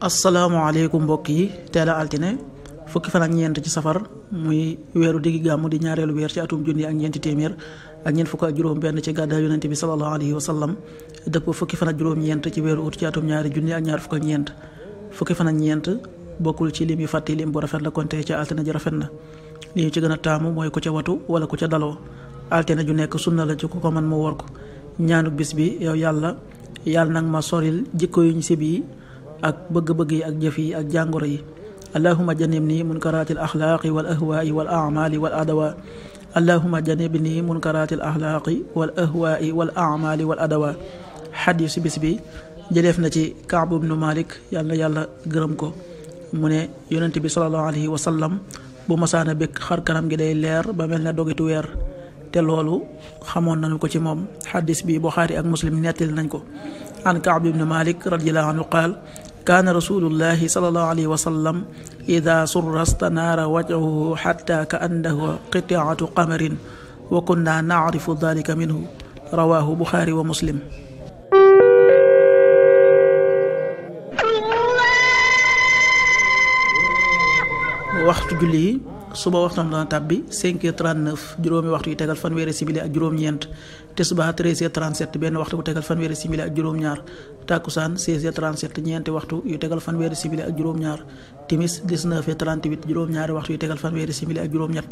asalaamaaleykum mbokk yi teel a altine fukki fan ak ñeent ci safar muy weeru diggi gàmmu di ñaareelu weer ci atum junni ak ñeenti téeméer ak ñeent fukk ak juróom-benn ci gàddaa yonente bi salallahu alayhi wa fukki fan ak juróom-ñeent ci weeru ut ci atum ñaari junni ak ñaar fukk ak fukki fan ak ñeent bokkul ci lim yu fàtte lim bu rafet la konte ca altine ji rafet na li ñu ci gën a taamu mooy ko ca watu wala ko ca daloo altine ju nekk sunna la ci ko man mu wor ko ñaanu bis bi yow yàlla yàlla nag ma soril jikko yuñ sib yi ak bëgg-bëgg yi ak jëf yi ak jàngoro yi allahuma janib nii munkaraati al axlaaqi wal ahwaai wal amali wal adawa allahuma janib nii munkaraati wa axlaaqi wa ahwaai wal amali wal adawa xadis bis bi jëleef na ci Kaab ibnu Malik yàlla na yàlla gërëm ko mu ne yonent bi sallallahu alayhi wa sallam bu masaana békk xar kanam gi day leer ba mel na dogitu weer te loolu xamoon nañu ko ci moom xadis bi Buxaari ak Muslim nettali nañ ko an Kaab ibnu Malik radiyallahu anhu qaal kaana rasulullahi salallahu alayhi wa sallam ida surrastanaara wajhuhu xatta ka annahu qitiatu qamarin wa kunna naarifu dalika minhu rawahu buxaari wa muslim waxtu julli yi suba waxtam dana tàbbi 5 heures 39 juróomi waxtu yu tegal fanweeri simili ak juróom-ñeent tisbaa 13 heures 37 benn waxtu bu tegal fanweeri simili ak juróom-ñaar takkusaan 16 heures 37 ñeenti waxtu yu tegal fanweeri simili ak juróom-ñaar timis 19 heures 38 juróom-ñaari waxtu yu tegal fanweeri simili ak juróom-ñett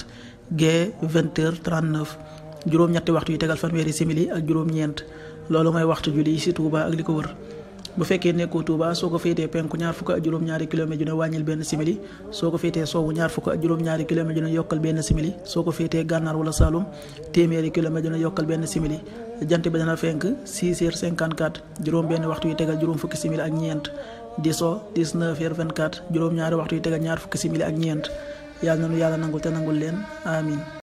gee 20 heures 39 juróom-ñetti waxtu yu tegal fanweeri simili ak juróom-ñeent loolu mooy waxtu julli ci Tuuba ak li ko wër bu fekkee nekkoo Touba soo ko féetee penku ñaar fukk ak juróom-ñaari kilomètre ju ne wàññil benn simili soo ko féetee soowu ñaar fukk ak juróom-ñaari kilomètre ju ne yokkal benn simili soo ko féetee gànnaar wala Saloum téeméeri kilomètre ju yokkal benn simili jant bi dana fenk 6 heures 54 juróom benn waxtu yu tegal juróom fukki simili ak ñeent di so soo 19 heures 24 juróom-ñaari waxtu yu tegal ñaar fukki simili ak ñeent yàlla nanu yàlla nangul te nangul leen amin